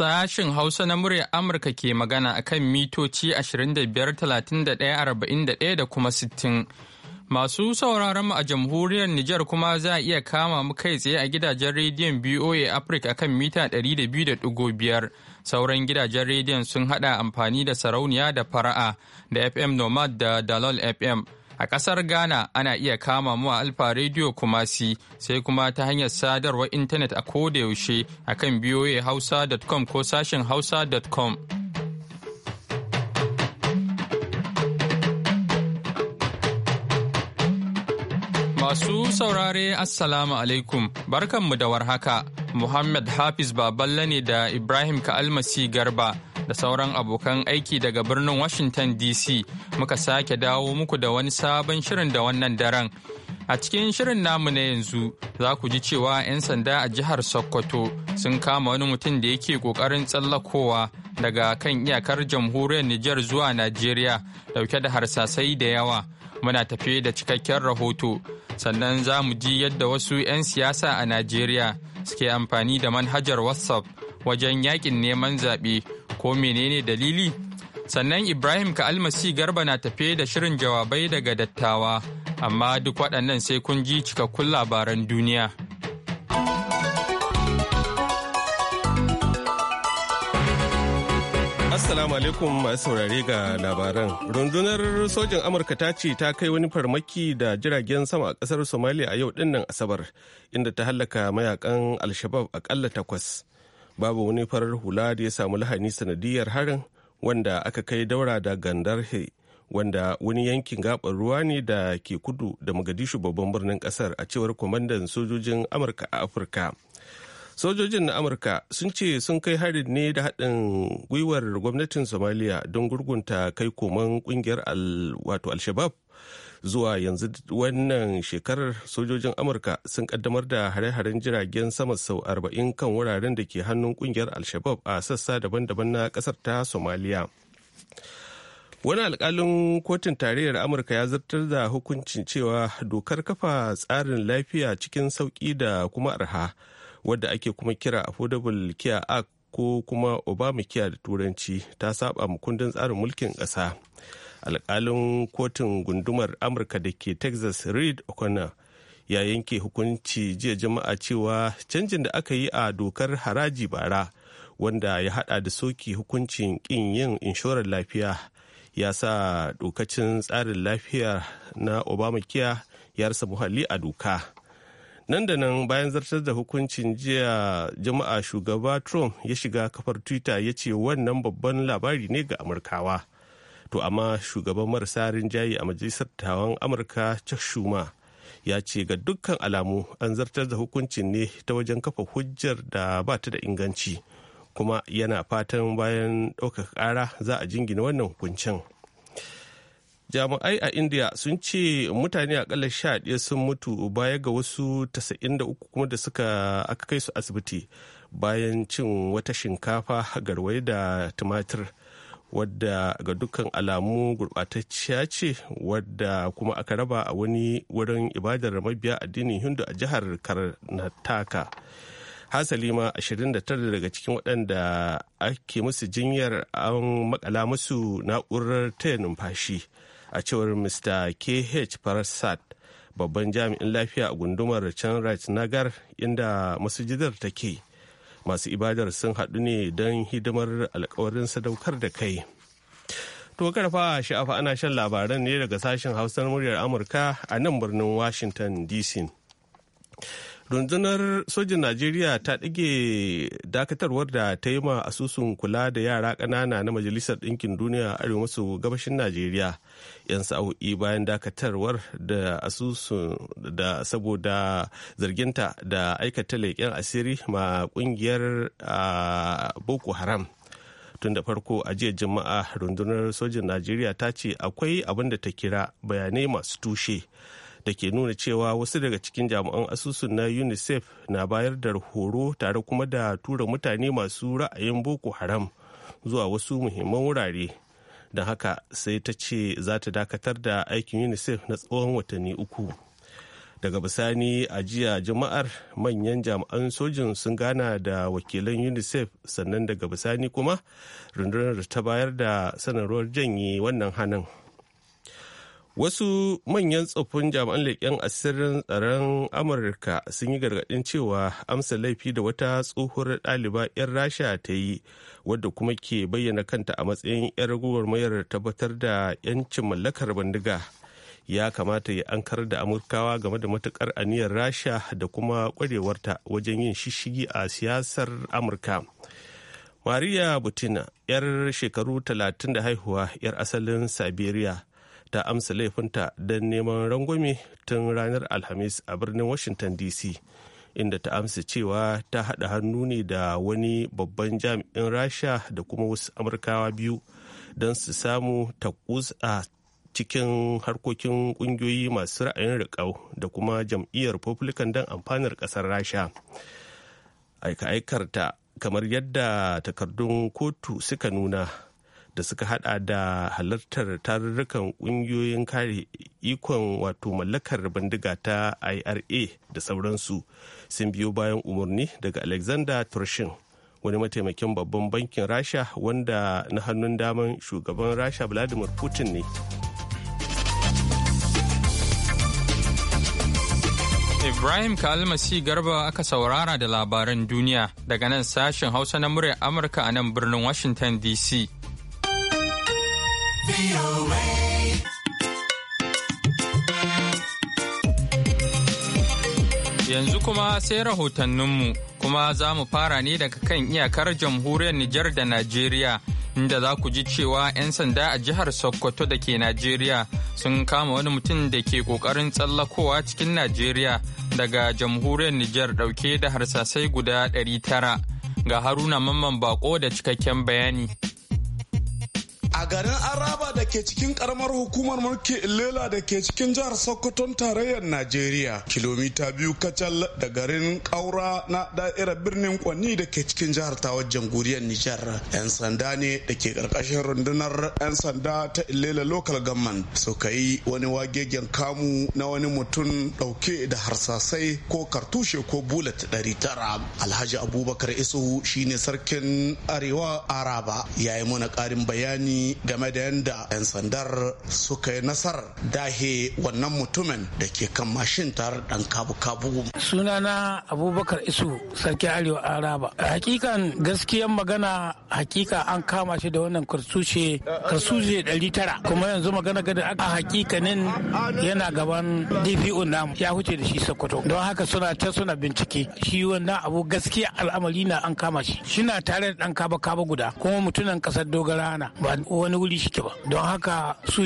Sashin Hausa na muryar Amurka ke magana a kan mitoci 25,31,41 da kuma 60. Masu sauraron mu a jamhuriyar Nijar kuma za a iya kama mu kai tsaye a gidajen rediyon BOA Africa kan mita 200.5. Sauran gidajen rediyon sun hada amfani da sarauniya da fara'a da FM Nomad da Dalol FM. A ƙasar Ghana ana iya kama mu a Alfa Radio Kumasi sai kuma ta hanyar sadarwar intanet a yaushe a kan hausa.com ko sashen hausa.com. Masu saurare Assalamu alaikum barkanmu da warhaka. Muhammad Hafiz Baballe ne da Ibrahim Ka'almasi Garba da sauran abokan aiki daga birnin Washington DC muka sake dawo muku da wani sabon shirin da wannan daren. A cikin shirin namu na yanzu za ku ji cewa 'yan sanda a jihar Sokoto sun kama wani mutum da yake ƙoƙarin tsallakowa daga kan iyakar jamhuriyar Nijar zuwa Najeriya dauke da harsasai da yawa. Muna tafiye da cikakken rahoto. Sannan za mu ji yadda wasu 'yan siyasa a Najeriya suke amfani da manhajar WhatsApp wajen yakin neman zaɓe ko menene dalili sannan ibrahim ka almasi garba na tafe da shirin jawabai daga dattawa amma duk waɗannan sai kun ji cikakkun labaran duniya Assalamu alaikum masu saurare ga labaran. Rundunar sojin Amurka ta ce ta kai wani farmaki da jiragen sama a ƙasar Somalia a yau dinnan Asabar, inda ta hallaka mayakan Alshabab akalla takwas. babu wani farar hula da ya samu lahani sanadiyar harin wanda aka kai daura da gandarhe wanda wani yankin gabar ruwa ne da ke kudu da magadishu babban birnin kasar a cewar kwamandan sojojin amurka a afirka sojojin na amurka sun ce sun kai harin ne da haɗin gwiwar gwamnatin somaliya don gurgunta kai koman ƙungiyar wato al-shabab zuwa yanzu wannan shekarar sojojin amurka sun kaddamar da hare-haren jiragen sama sau 40 kan wuraren da ke hannun kungiyar al-shabab a sassa daban-daban na kasar ta somaliya wani alkalin kotun tarayyar amurka ya zartar da hukuncin cewa dokar kafa tsarin lafiya cikin sauki da kuma arha wadda ake kuma kira affordable care act ko kuma obamacare da turanci ta saba mukundin kundin tsarin mulkin ƙasa. alkalin kotun gundumar amurka da ke texas reed o'connor ya yanke hukunci jiya jama'a cewa canjin da aka yi a dokar haraji bara wanda ya hada da soki hukuncin kin yin inshorar lafiya ya sa dokacin tsarin lafiya na obamacare ya rasa muhalli a doka nan da nan bayan zartar da hukuncin jiya jama'a shugaba trump ya shiga kafar twitter ya ce wannan babban labari ne ga amurkawa to amma shugaban marasa rinjaye a majalisar tawan amurka chuck schumer ya ce ga dukkan alamu an zartar da hukuncin ne ta wajen kafa hujjar da ba ta da inganci kuma yana fatan bayan ɗaukar ƙara za a jingina wannan hukuncin jami'ai a india sun ce mutane akalla sha ɗaya sun mutu baya ga wasu 93 kuma da suka aka kai su asibiti bayan cin wata shinkafa garwai da tumatir wadda ga dukkan alamu gurɓatacciya ce wadda kuma aka raba a wani wurin ibadar mabiya addinin hindu a jihar karnataka hasali ma 29 daga cikin waɗanda ake musu jinyar an makala musu na'urar taya numfashi a cewar mr kh parasat babban jami'in lafiya a gundumar chanrat nagar inda masujidar take masu ibadar sun haɗu ne don hidimar alkawarin sadaukar da kai to karfa sha'afa ana shan labaran ne daga sashen hausar muryar amurka a nan birnin washington dc rundunar sojin najeriya ta ɗage dakatarwar da ta yi ma asusun kula da yara ƙanana na majalisar ɗinkin duniya a arewa maso gabashin najeriya yan sa'o'i bayan dakatarwar da asusun da saboda zarginta da aikata leƙen asiri ma ƙungiyar boko haram tun da farko a jiya juma'a rundunar sojin najeriya ta ce akwai abin da ta kira bayanai masu tushe da ke nuna cewa wasu daga cikin jami'an asusun na unicef na bayar da horo tare kuma da tura mutane masu ra'ayin boko haram zuwa wasu muhimman wurare da haka sai ta ce za ta dakatar da aikin unicef na tsawon watanni uku daga bisani a jiya jama'ar manyan jami'an sojin sun gana da wakilan unicef sannan daga bisani kuma rundunar ta bayar da sanarwar janye wannan hannun. Wasu manyan tsoffin jami'an leƙen asirin tsaron Amurka sun yi gargaɗin cewa amsa laifi da wata tsohuwar ɗaliba 'yan Rasha ta yi, wadda kuma ke bayyana kanta a matsayin 'yar mayar tabbatar da 'yancin mallakar bandiga. Ya kamata ya ankar da Amurkawa game da matukar aniyar Rasha da kuma ƙwarewarta wajen yin shishigi a siyasar Amurka. Maria Butina, 'yar shekaru talatin da haihuwa, 'yar asalin Siberia. ta amsa laifinta don neman rangwame tun ranar alhamis a birnin washington dc inda ta amsa cewa ta haɗa hannu ne da wani babban jami'in rasha da kuma wasu amurkawa biyu don su samu ta a cikin harkokin ƙungiyoyi masu ra'ayin riƙau da kuma jam'iyyar republican don amfanar ƙasar rasha aika-aikarta kamar yadda takardun kotu suka nuna da suka hada da halartar tarurrukan ƙungiyoyin kare ikon wato mallakar bindiga ta ira da sauransu sun biyo bayan umarni daga alexander turshin wani mataimakin babban bankin rasha wanda na hannun daman shugaban rasha vladimir putin ne ibrahim kalmasi garba aka saurara da labaran duniya daga nan sashen hausa na muryar amurka a nan birnin washington dc Yanzu kuma sai rahotanninmu kuma za mu fara ne daga kan iyakar jamhuriyar Nijar da Najeriya inda za ku ji cewa 'yan sanda a jihar Sokoto da ke Najeriya sun kama wani mutum da ke ƙoƙarin tsallakowa cikin Najeriya daga jamhuriyar Nijar ɗauke da harsasai guda 900 ga Haruna Mamman Bako da cikakken bayani. a garin araba da ke cikin karamar hukumar mulki lela da ke cikin jihar sokoton tarayyar najeriya kilomita biyu kacal da garin kaura na da'irar birnin kwanni da ke cikin jihar ta wajen guriyar nijar yan sanda ne da ke karkashin rundunar yan sanda ta ilela local government suka yi wani wagegen kamu na wani mutum dauke da harsasai ko kartushe ko bulet dari tara alhaji abubakar isuhu shine sarkin arewa araba ya yi mana ƙarin bayani game da yadda 'yan sandar suka yi nasarar dahe wannan mutumin da ke kan mashin tar dan kabu-kabu. Sunana Abubakar Isu Sarki Arewa Araba. Hakikan gaskiyan magana hakika an kama shi da wannan karsushe karsushe ɗari tara kuma yanzu magana gada a hakikanin yana gaban DPO namu ya huce da shi Sokoto. Don haka suna ta suna bincike shi wannan abu gaskiya al'amari na an kama shi. Shina tare da dan kaba-kaba guda kuma mutunan kasar Dogara na wani wuri shike ba don haka su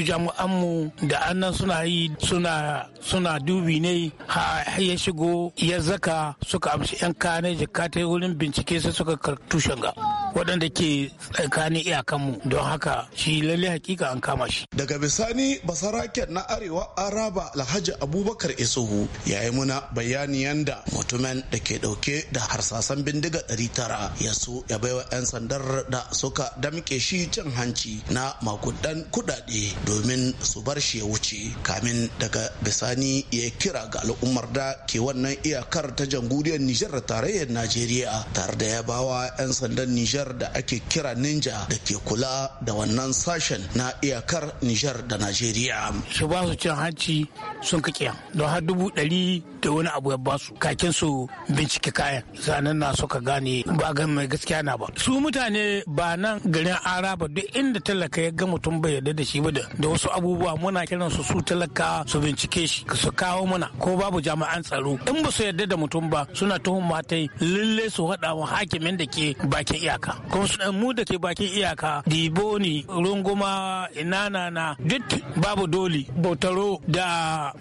mu da annan suna yi suna suna dubi ne ha ya shigo ya zaka suka amshi yan kane jikka ta wurin bincike sai suka kartu shanga waɗanda ke tsakanin iyakanmu don haka shi lalle hakika an kama shi daga bisani basaraken na arewa araba alhaji abubakar isuhu ya yi muna bayani yanda mutumin da ke ɗauke da harsasan bindiga 900 ya so ya baiwa 'yan sandar da suka damke shi cin hanci na makudan kudade domin su bar shi ya wuce kamin daga bisani ya kira ga al'ummar da ke wannan iyakar ta jangudiyar Nijar da tarayyar Najeriya tare da ya bawa 'yan sandan Nijar da ake kira Ninja da ke kula da wannan sashen na iyakar Nijar da Najeriya. Su ba su cin hanci sun kakiya don har dubu ɗari da wani abu ya basu kakin su bincike kayan zanen na suka gane ba ga mai gaskiya na ba. Su mutane ba nan garin Araba duk inda talaka ya ga mutum bai yarda da shi ba da wasu abubuwa muna kiran su su talaka su bincike shi su kawo mana ko babu jami'an tsaro in ba su yarda da mutum ba suna tuhun matai lalle su haɗa wa hakimin da ke bakin iyaka kuma su mu da ke bakin iyaka diboni runguma inana na duk babu doli bautaro da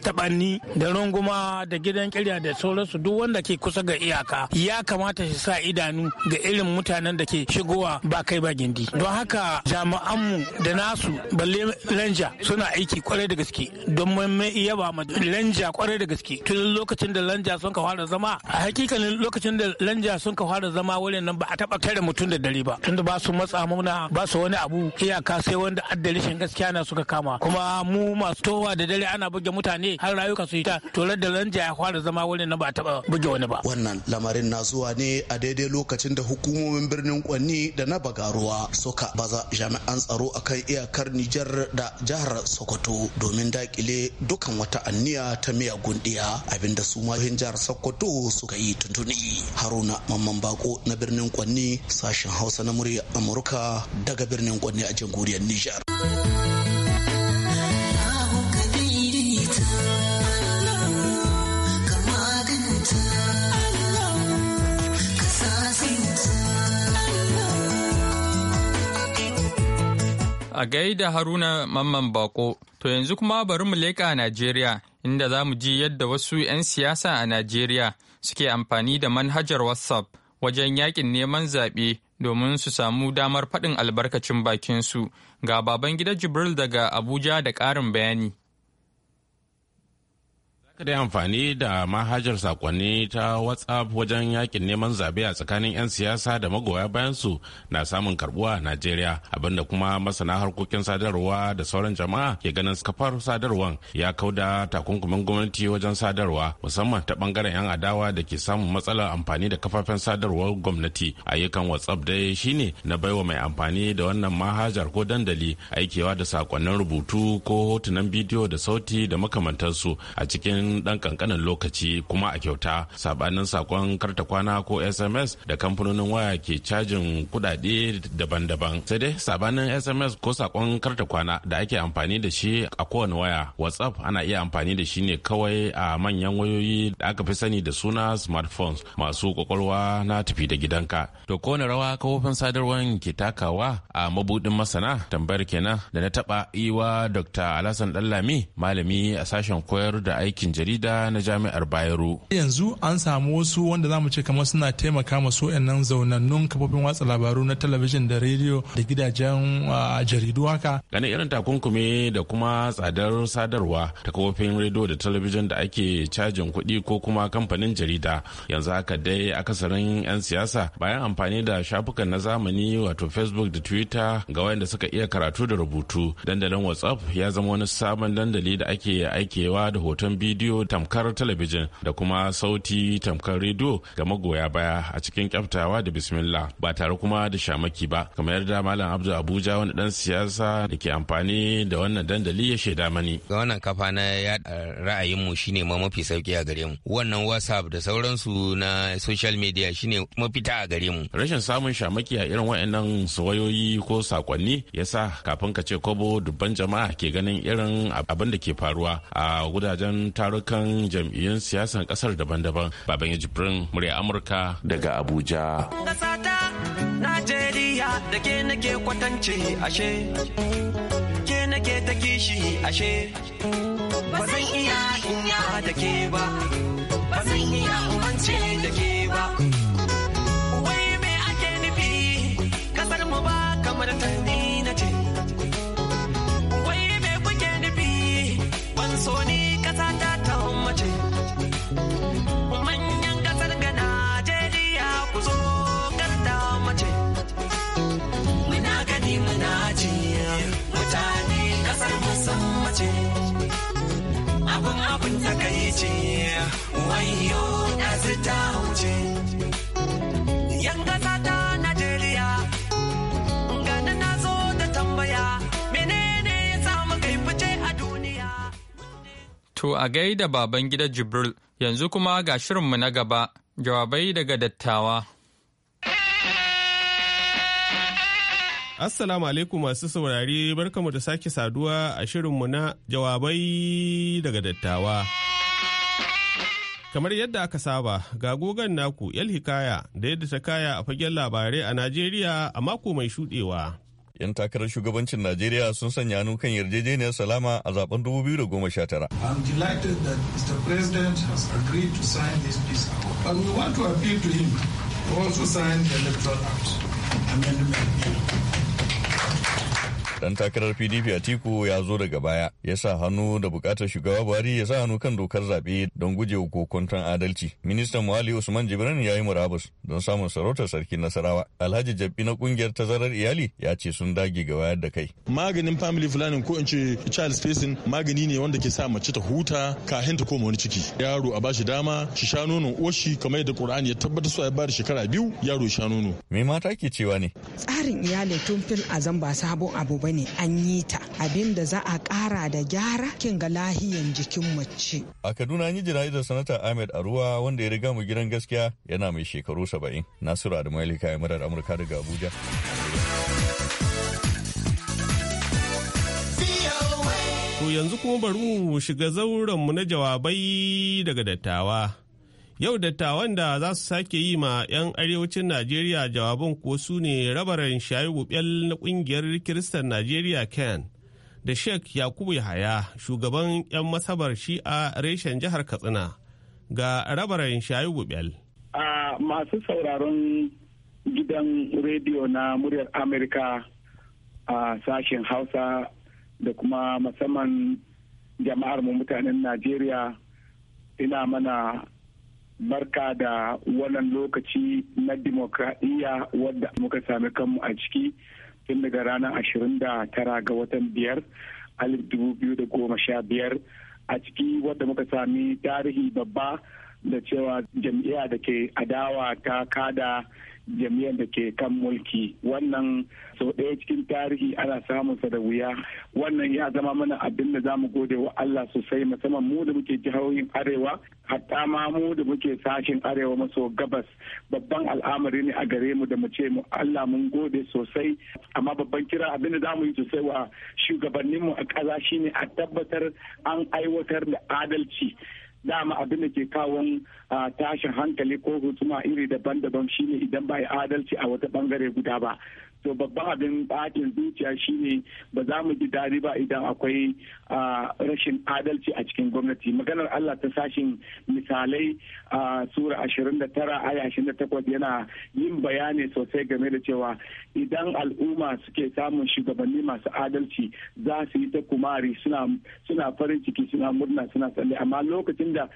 tabanni da runguma da gidan kirya da sauransu duk wanda ke kusa ga iyaka ya kamata shi sa idanu ga irin mutanen da ke shigowa ba kai ba gindi don haka jama'a amu da nasu balle lanja suna aiki kwarai da gaske don mai iya ma lanja kwarai da gaske tun lokacin da lanja sun ka fara zama a hakikanin lokacin da lanja sun ka fara zama wurin nan ba a taba tare mutum da dare ba tunda ba su matsa muna ba su wani abu iyaka sai wanda addali shin gaskiya na suka kama kuma mu masu towa da dare ana buge mutane har rayuka su yi ta tolar da lanja ya fara zama wurin nan ba a taba buge wani ba wannan lamarin na zuwa ne a daidai lokacin da hukumomin birnin kwanni da na bagaruwa suka baza jami'an tsaro akan iyakar Nijar da jihar Sokoto domin dakile dukan wata anniya ta miyagun ɗiya abinda su mahin jihar Sokoto suka yi tuntuni. Haruna Mamman Bako na birnin Kwanni sashen Hausa na murya Amurka daga birnin Kwanni a jamhuriyar Nijar. A gaida Haruna Mamman Bako, to yanzu kuma bari mu leƙa Najeriya, inda za mu ji yadda wasu 'yan siyasa a Najeriya suke amfani da manhajar WhatsApp wajen yakin neman zaɓe domin su samu damar faɗin albarkacin bakinsu. Ga baban gida Jibril daga Abuja da ƙarin bayani. Aka dai amfani da mahajar sakonni ta WhatsApp wajen yakin neman zabe a tsakanin 'yan siyasa da magoya bayan su na samun karbuwa a Najeriya abinda kuma masana harkokin sadarwa da sauran jama'a ke ganin kafar sadarwar ya kau da takunkumin gwamnati wajen sadarwa musamman ta bangaren 'yan adawa da ke samun matsalar amfani da kafafen sadarwar gwamnati ayyukan WhatsApp dai shine na baiwa mai amfani da wannan mahajar ko dandali aikewa da sakonnin rubutu ko hotunan bidiyo da sauti da makamantarsu a cikin cikin ɗan kankanin lokaci kuma a kyauta sabanin sakon karta kwana ko sms da kamfanonin waya ke cajin kuɗaɗe daban-daban sai dai sabanin sms ko sakon karta kwana da ake amfani da shi a kowane waya whatsapp ana iya amfani da shi ne kawai a manyan wayoyi da aka fi sani da suna smartphones masu kwakwalwa na tafi da gidanka to kowane rawa kafofin sadarwar ke takawa a mabudin masana tambayar kenan da na taba iwa dr alhassan dallami malami a sashen koyar da aikin jarida na jami'ar bayero yanzu an samu wasu wanda za mu ce kamar suna taimaka ma su nan zaunannun kafofin watsa labaru na talabijin da rediyo da gidajen jaridu haka ganin irin takunkumi da kuma tsadar sadarwa ta kafofin rediyo da talabijin da ake cajin kuɗi ko kuma kamfanin jarida yanzu haka dai akasarin 'yan siyasa bayan amfani da shafukan na zamani wato facebook da twitter ga wayanda suka iya karatu da rubutu dandalin whatsapp ya zama wani sabon dandali da ake aikewa da hoton bidiyo rediyo tamkar talabijin da kuma sauti tamkar rediyo ga magoya baya a cikin kyaftawa da bismillah ba tare kuma da shamaki ba kamar yadda malam abdu abuja wani dan siyasa da ke amfani da wannan dandali ya shaida mani ga wannan kafa na mu shine ma mafi sauki a gare mu wannan whatsapp da sauransu na social media shine mafita a gare mu rashin samun shamaki a irin wayannan wayoyi ko sakonni yasa kafin ka ce kobo dubban jama'a ke ganin irin abin da ke faruwa a gudajen taron tarukan jam'iyyun siyasar kasar daban-daban baban ya jibrin murya amurka daga abuja Najeriya da ke nake kwatance ashe ke nake ta kishi ashe ba zan iya inya da ke ba ba iya umance da ke ba wai me ake nufi kasar mu ba kamar ta abin takaici wayo ɗazu ta wuce yan ƙasa ta najeriya gani na zo da tambaya menene ya samu kai fice a duniya to a gaida baban gida jibril yanzu kuma ga shirinmu na gaba jawabai daga dattawa Assalamu alaikum masu saurari barkamu da sake saduwa a shirinmu na jawabai daga dattawa. Kamar yadda aka saba, ga gogon naku yal hikaya da yadda ta kaya a fagen labarai a Najeriya a mako mai shudewa. 'yan takarar shugabancin Najeriya sun sanya hannu kan yarjejeniyar salama a zaben 2019. Dan takarar PDP a Atiku ya zo daga baya ya sa hannu da bukatar shugaba Buhari ya sa hannu kan dokar zaɓe don gujewa kokonton adalci. Ministan Muhalli Usman Jibran ya yi murabus don samun sarautar sarki Nasarawa. Alhaji Jabbi na kungiyar tazarar iyali ya ce sun dage ga wayar da kai. Maganin family planning ko in ce child spacing magani ne wanda ke sa mace ta huta ka ta koma wani ciki. Yaro a bashi dama shi sha nono oshi kamar yadda Qur'ani ya tabbata su a ba da shekara biyu yaro sha nono. Me mata ke cewa ne? Tsarin iyali tun fil azan ba sabon abu ba bane an yi ta abin da za a ƙara da gyara kin ga lahiyan jikin mace. A Kaduna an yi da sanata Ahmed Aruwa wanda ya riga mu gidan gaskiya yana mai shekaru saba'in. Nasiru Adamu Alika ya murar Amurka daga Abuja. To yanzu kuma bari mu shiga zauren mu na jawabai daga dattawa. Yau dattawan da za su sake yi ma 'yan arewacin Najeriya jawabin ko su ne rabarin shayi gubel na kungiyar Kiristan Najeriya Ken da Sheikh Yakubu Yahaya shugaban 'yan masabar shi'a reshen jihar Katsina ga rabarin shayi gubel. A masu sauraron gidan rediyo na muryar Amerika a sashen Hausa da kuma musamman jama'ar mu mutanen Najeriya ina mana barka da wannan lokaci na dimokuraɗiyya wadda muka sami kanmu a ciki tun daga ranar ashirin da tara ga watan biyar alif dubu sha biyar a ciki wadda muka sami tarihi babba da cewa jam'iyya da ke adawa ta kada jami'an da ke kan mulki wannan sau ɗaya cikin tarihi ana samun sa da wuya wannan ya zama mana abin da zamu gode wa Allah sosai musamman mu da muke jihohin arewa hatta ma mu da muke sashin arewa maso gabas babban al'amari ne a gare mu da mu ce mu Allah mun gode sosai amma babban kira abin da zamu yi sosai wa shugabanninmu a ƙasa shine a tabbatar an aiwatar da adalci dama abin da ke kawo tashin hankali ko hutuma iri daban-daban shine idan ba adalci a wata bangare guda ba to babban abin bakin zuciya shine ba za mu ji dadi ba idan akwai rashin adalci a cikin gwamnati maganar Allah ta sashin misalai a sura 29 aya 28 yana yin bayani sosai game da cewa idan al'umma suke samun shugabanni masu adalci za su yi ta kumari suna farin ciki suna murna suna tsalle amma lokacin da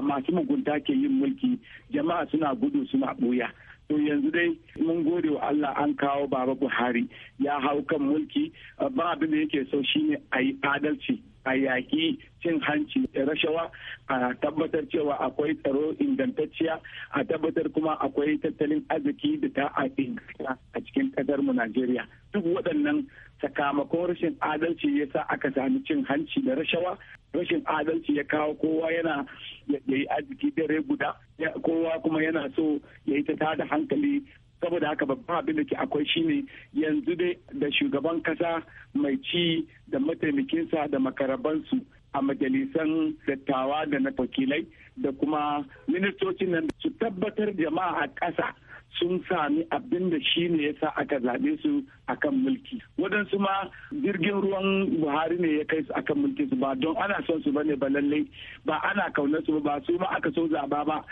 masu mugunta ke yin mulki jama'a suna gudu suna ɓuya. to yanzu dai mun gode wa Allah an kawo baba Buhari ya hau kan mulki ba abin da yake so shine a yi adalci a yaƙi cin hanci da rashawa a tabbatar cewa akwai tsaro ingantacciya a tabbatar kuma akwai tattalin arziki da ta a ingantacciya a cikin ƙasar mu Najeriya duk waɗannan sakamakon rashin adalci yasa aka sami cin hanci da rashawa rashin adalci ya kawo kowa yana ya yi arziki dare guda kowa kuma yana so ya yi ta tada hankali saboda haka babban abin da ke akwai shine yanzu dai da shugaban kasa mai ci da mataimakinsa da makarabansu a majalisan dattawa da na wakilai da kuma ministocin nan su tabbatar jama'a a ƙasa sun sami abin da shi ne sa aka zaɓe su akan mulki waɗansu ma jirgin ruwan buhari ne ya kai su akan mulki su ba don ana son su bane ba lallai ba ana kaunar su ba su ma aka so zaba ba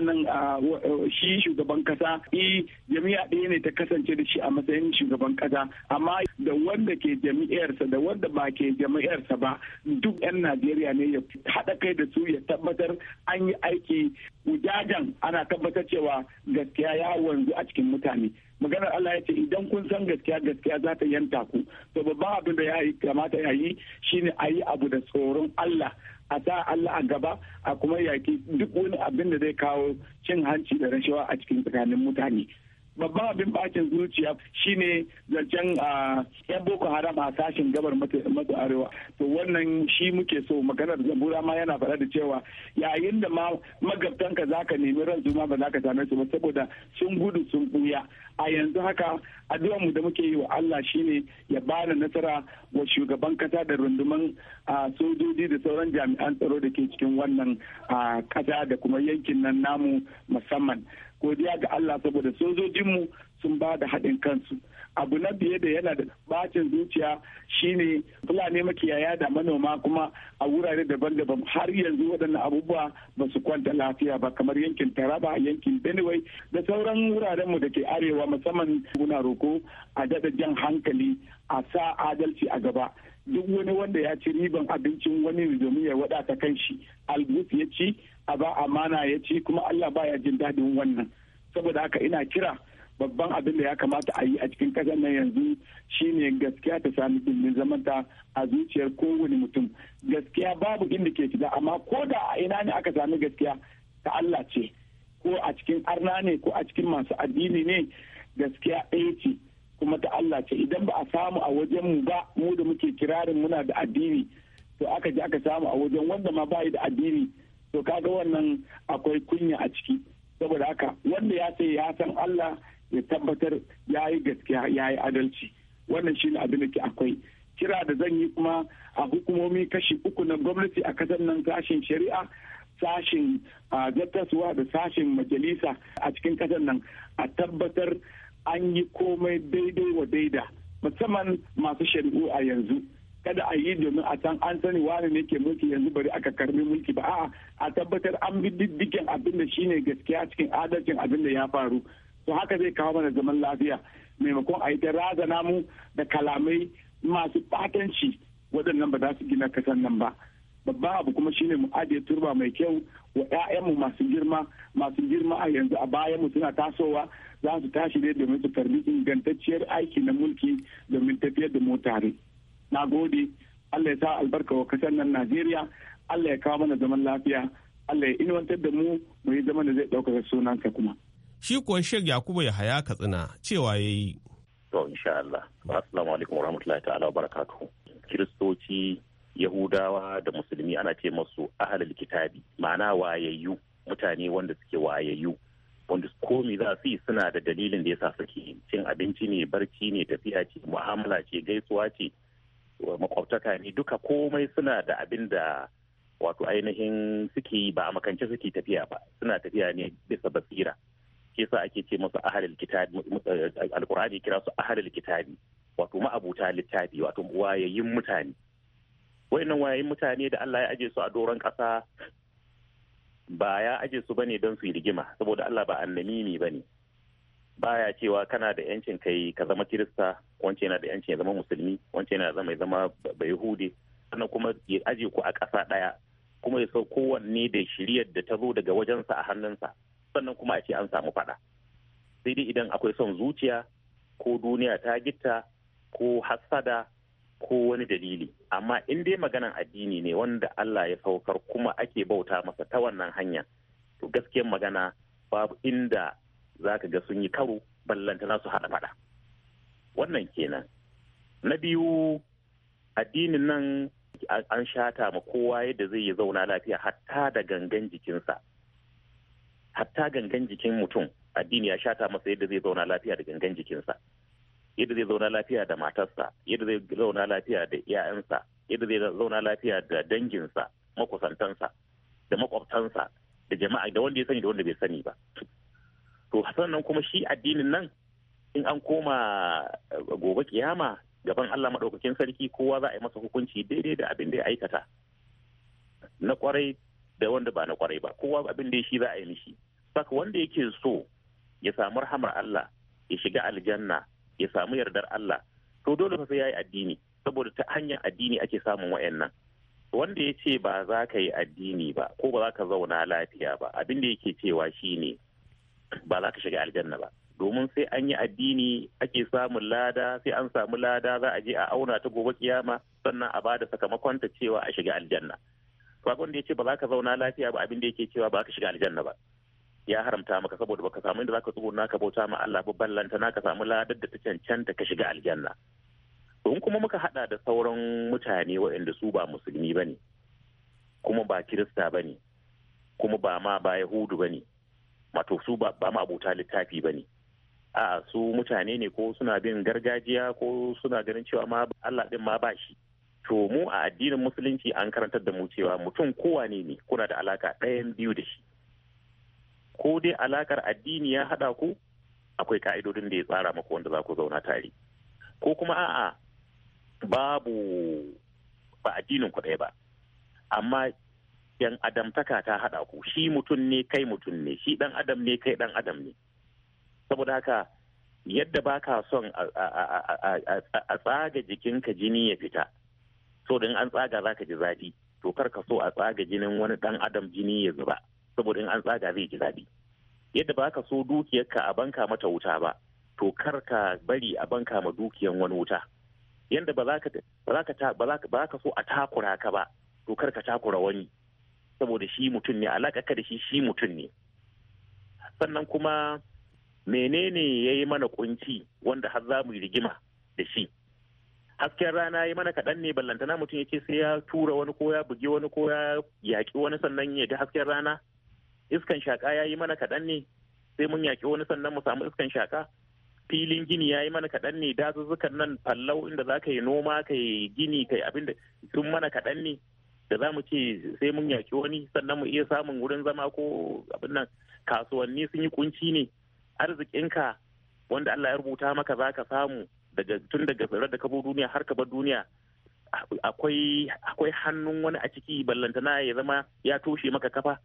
nan shi shugaban kasa i jami'a ɗaya ne ta kasance da shi a matsayin shugaban kasa amma da wanda ke jami'arsa da wanda ba ke jami'arsa ba duk 'yan najeriya ne ya haɗa kai da su ya tabbatar an yi aiki wujajen ana tabbatar cewa gaskiya ya wanzu a cikin mutane maganar Allah ya ce idan kun san gaskiya gaskiya za ta yanta ku to babban abin da ya yi kamata ya yi shine a yi abu da tsoron Allah a sa Allah a gaba a kuma yaki duk wani abin da zai kawo cin hanci da rashawa a cikin tsakanin mutane babban abin bakin zuciya shine zancen ah, yan boko haram a sashen gabar maso arewa to wannan shi muke so maganar zabura ma yana faɗa da cewa yayin da ma magabtanka ka nemi ran ma ba za ka same su ba saboda sun gudu sun buya a yanzu haka addu'a mu da muke yi wa Allah shine ya bada nasara wa shugaban kasa da runduman ah, sojoji da sauran jami'an tsaro da ke cikin wannan ah, kasa da kuma yankin nan namu musamman godiya ga Allah saboda sojojinmu sun ba da haɗin kansu abu na biye da yana da bacin zuciya shine fulani makiyaya da manoma kuma a wurare daban-daban har yanzu waɗannan abubuwa ba su kwanta lafiya ba kamar yankin taraba yankin benue da sauran wurarenmu da ke arewa musamman guna roko a daɗa jan hankali a sa adalci a gaba duk wani wanda ya ci riban abincin wani domin ya wadata kan shi algus ya ci a ba amana ya ci kuma Allah baya jin dadin wannan saboda haka ina kira babban abin da ya kamata a yi a cikin kasar nan yanzu shine gaskiya ta sami dimbin zamanta a zuciyar kowane mutum gaskiya babu inda ke shiga amma ko da a ina ne aka sami gaskiya ta Allah ce ko a cikin arna ne ko a cikin masu addini ne gaskiya ɗaya ce kuma ta Allah ce idan ba a samu a wajen mu ba mu da muke kirarin muna da addini to aka ji aka samu a wajen wanda ma bayi da addini to kaga wannan akwai kunya a ciki saboda haka wanda ya sai ya san Allah ya tabbatar ya yi gaskiya ya yi adalci wannan shi ne abin da ke akwai kira da zan yi kuma a hukumomi kashi uku na gwamnati a kasar nan sashen shari'a sashen ah, zattaswa da sashen majalisa a cikin kasar nan a tabbatar an yi komai daidai wa daida musamman masu shari'u a yanzu kada a yi domin a san an sani wani ne ke mulki yanzu bari aka karbi mulki ba a'a a tabbatar an bi diddigen abin da shine gaskiya cikin adalcin abin da ya faru to haka zai kawo mana zaman lafiya maimakon a yi ta razana mu da kalamai masu batanci waɗannan ba za su gina kasan nan ba babban abu kuma shine mu ajiye turba mai kyau wa 'ya'yanmu masu girma masu girma a yanzu a bayan mu suna tasowa za su tashi ne domin su karbi ingantacciyar aiki na mulki domin tafiyar da mu na gode allah ya sa albarka wa kasar nan najeriya allah ya kawo mana zaman lafiya allah ya inuwantar da mu mu yi zaman da zai ɗaukaka sunansa kuma shi kuwa Sheikh yakubu ya haya katsina cewa ya yi to insha allah assalamu alaikum wa rahmatullahi ta'ala wa barakatuhu kiristoci yahudawa da musulmi ana ce masu ahalal kitabi ma'ana wayayyu mutane wanda suke wayayyu wanda komi za su yi suna da dalilin da ya sa suke cin abinci ne barci ne tafiya ce mu'amala ce gaisuwa ce makwabtaka ne duka komai suna da abin da wato ainihin suke yi ba a makance suke tafiya ba suna tafiya ne bisa basira ke sa ake ce masu ahalil kitabi alkurani kira su ahalil kitabi wato ma'abuta littafi wato wayayyin mutane wayannan wayayyin mutane da Allah ya aje su a doron kasa ba ya aje su bane don su yi rigima saboda Allah ba ne. bane baya cewa kana da yancin kai ka zama kirista wance yana da yancin ya zama musulmi wance yana zama ya zama hude. sannan kuma ya aje ku a ƙasa ɗaya kuma ya sau kowanne da shiryar da ta zo daga wajensa a hannunsa sannan kuma a ce an samu faɗa sai dai idan akwai son zuciya ko duniya ta gitta ko hassada ko wani dalili amma in dai maganan addini ne wanda Allah ya saukar kuma ake bauta masa ta wannan hanya to gaskiyar magana babu inda za ka ga sun yi karo ballantana su haɗa faɗa wannan kenan na biyu addinin nan an shata ma kowa yadda zai yi zauna lafiya hatta da gangan jikinsa hatta gangan jikin mutum addini ya shata masa yadda zai zauna lafiya da gangan jikinsa yadda zai zauna lafiya da matarsa yadda zai zauna lafiya da 'ya'yansa yadda zai zauna lafiya da danginsa makusantansa da makwabtansa da jama'a da wanda ya sani da wanda bai sani ba to sannan kuma shi addinin nan in an koma eh, gobe kiyama gaban Allah maɗaukakin sarki kowa za a yi masa hukunci daidai da abin da ya aikata na kwarai da wanda ba na kwarai ba kowa abin da shi za a yi mishi saka wanda yake so ya samu rahamar Allah ya shiga aljanna ya samu yardar Allah to dole fa sai yayi addini saboda ta hanyar addini ake samun wayannan wanda ya ce ba za ka yi addini ba ko ba za ka zauna lafiya ba abin da yake cewa shine ba za ka shiga aljanna ba domin sai an yi addini ake samun lada sai an samu lada za a je a auna ta gobe kiyama sannan a bada sakamakon ta cewa a shiga aljanna to abin da ya ce ba za ka zauna lafiya ba abin da yake cewa ba za ka shiga aljanna ba ya haramta maka saboda baka samu inda zaka tsuguna ka bauta ma Allah ba ballanta na ka samu ladar da ta cancanta ka shiga aljanna in kuma muka hada da sauran mutane waɗanda su ba musulmi bane kuma ba kirista bane kuma ba ma ba yahudu bane wato su ba ma abota littafi bane a su mutane ne ko suna bin gargajiya ko suna ganin cewa ma Allah din ma ba shi to mu a addinin musulunci an karantar da mu cewa mutum kowane ne kuna da alaka ɗayan biyu da shi ko dai alakar addini ya haɗa ku akwai ka'idodin da ya tsara maku wanda za ku zauna tare ko kuma a'a babu ba addinin ku ɗaya ba amma yan adamtaka ta haɗa ku shi mutum ne kai mutum ne shi ɗan adam ne kai ɗan adam ne saboda haka yadda ba ka son a tsaga jikinka jini ya fita so in an tsaga za ka ji zafi to kar ka so a tsaga jinin wani ɗan adam jini ya zuba saboda in an tsaga zai ji zabi. yadda ba ka so dukiyarka a banka mata wuta ba to kar ka bari a banka ma dukiyan wani wuta yadda ba za ka so a takura ka ba to kar takura wani saboda shi mutum ne alaƙa ka da shi shi mutum ne sannan kuma menene ya yi mana kunci wanda har za mu yi rigima da shi hasken rana ya mana kaɗan ne ballantana mutum ya ce sai ya tura wani ko ya bugi wani ko ya yaƙi wani sannan ya ji hasken rana iskan shaka ya yi mana kaɗan ne sai mun yaƙi wani sannan mu samu iskan shaka filin gini ya yi mana kaɗan ne dazuzzukan nan fallau inda za ka yi noma ka yi gini ka yi abin da sun mana kaɗan ne da za mu ce sai mun yaƙi wani sannan mu iya samun wurin zama ko abin nan kasuwanni sun yi kunci ne arzikinka wanda Allah ya rubuta maka za ka samu daga tun daga tsirar da kabo duniya har ka bar duniya akwai hannun wani a ciki ballantana ya zama ya toshe maka kafa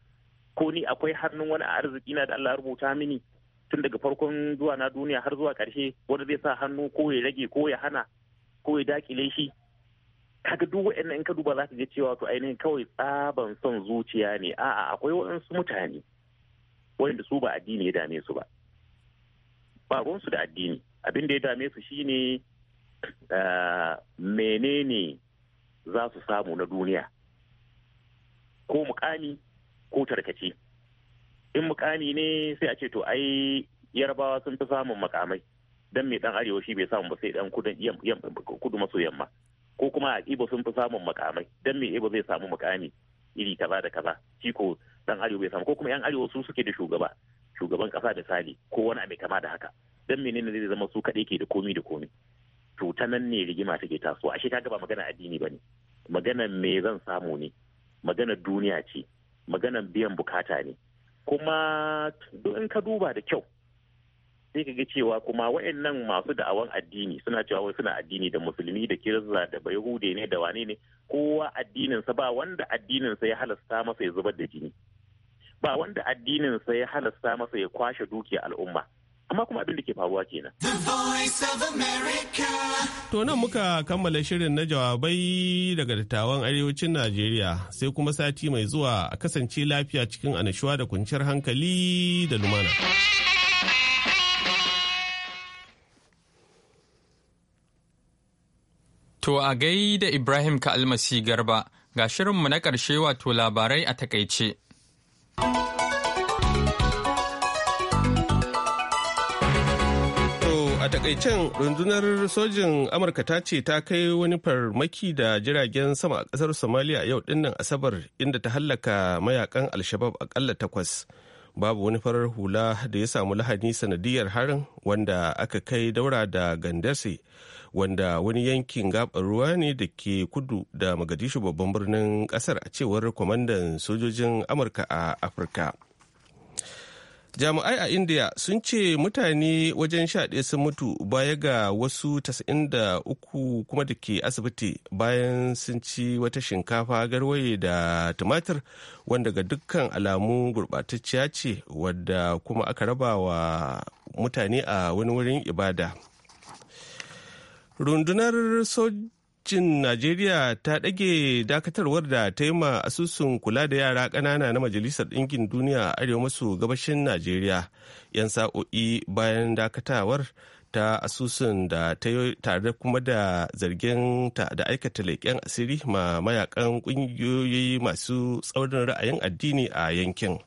ko ni akwai hannun wani arziki na da Allah rubuta mini tun daga farkon zuwa na duniya har zuwa karshe wanda zai sa hannu ko ya rage ko ya hana ko ya dakile shi kaga duk wa'annan in ka duba za ka je cewa to ainihin kawai tsaban son zuciya ne a'a akwai waɗansu mutane wanda su ba addini ya dame su ba ba su da addini abin da ya dame su shine eh, menene za su samu na duniya ko mukami ko tarkace in mukami ne sai a ce to ai yarbawa sun fi samun makamai dan mai dan arewa shi bai samu ba sai dan kudu maso yamma ko kuma a ibo sun fi samun makamai dan mai ibo zai samu mukami iri kaza da kaza shi ko dan arewa bai samu ko kuma yan arewa su suke da shugaba shugaban kasa da sali ko wani abu kama da haka dan menene zai zama su kaɗai ke da komi da komi to ta nan ne rigima take tasowa ashe kaga ba magana addini bane magana me zan samu ne magana duniya ce maganan biyan bukata ne kuma in ka duba da kyau sai ka ga cewa kuma waɗannan masu da'awan addini suna cewa wai suna addini da musulmi da kirista da bayahude ne da wane ne kowa addininsa ba wanda addininsa ya halasta masa ya zubar da jini ba wanda addininsa ya halasta masa ya kwashe dukiya al'umma amma kuma abin da ke faruwa kenan. To nan muka kammala shirin na jawabai daga dattawan arewacin Najeriya sai kuma sati mai zuwa a kasance lafiya cikin anashuwa da kwanciyar hankali da lumana. To a gai da Ibrahim almasi Garba ga shirinmu na ƙarshe wato labarai a takaice. a takaicen rundunar sojin Amurka ta ce ta kai wani farmaki da jiragen sama a kasar Somalia yau dinnan Asabar inda ta hallaka mayakan Alshabab akalla takwas. Babu wani farar hula da ya samu lahani sanadiyar harin wanda aka kai daura da Gandase, wanda wani yankin gabar ruwa ne da ke kudu da Magadishu babban birnin kasar a cewar kwamandan sojojin Amurka a Afirka. jami'ai a india sun ce mutane wajen sha ɗaya sun mutu baya ga wasu 93 kuma da ke asibiti bayan sun ci wata shinkafa garwaye da tumatir wanda ga dukkan alamu gurɓatacciya ce wadda kuma aka raba wa mutane a wani wurin ibada rundunar soja. cin Najeriya ta ɗage dakatarwar da ta yi ma asusun kula da yara ƙanana na Majalisar Ɗinkin Duniya a arewa maso gabashin Najeriya 'yan sa'o'i bayan dakatawar ta asusun da ta yi tare kuma da zargin ta da aikata leƙen asiri ma mayakan ƙungiyoyi masu tsaurin ra'ayin addini a yankin.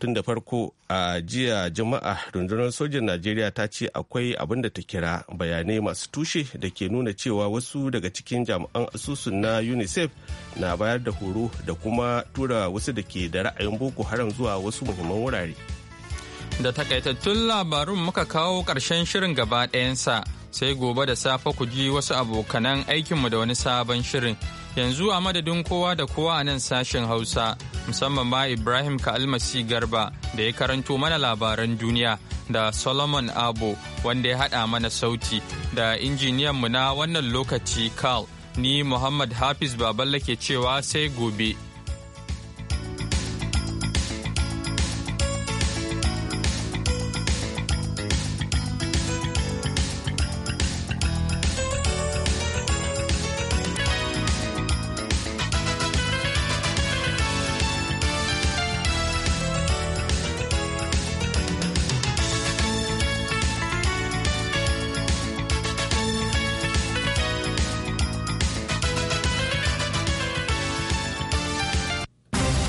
tun da farko a jiya jama'a rundunar sojin najeriya ta ce akwai abin da ta kira bayanai masu tushe da ke nuna cewa wasu daga cikin jami'an asusun na unicef na bayar da horo da kuma tura wasu da ke da ra'ayin boko haram zuwa wasu muhimman wurare da takaitattun labarun muka kawo karshen shirin gaba ɗayansa sai gobe da safe ku ji wasu abokanan aikinmu da wani sabon shirin yanzu a madadin kowa da kowa a nan sashen hausa musamman ma Ibrahim Kalmasi Garba da ya karanto mana labaran duniya da Solomon Abo wanda ya haɗa mana sauti da injiniyan mu na wannan lokaci Carl ni Muhammad Hafiz Baballa ke cewa sai gobe.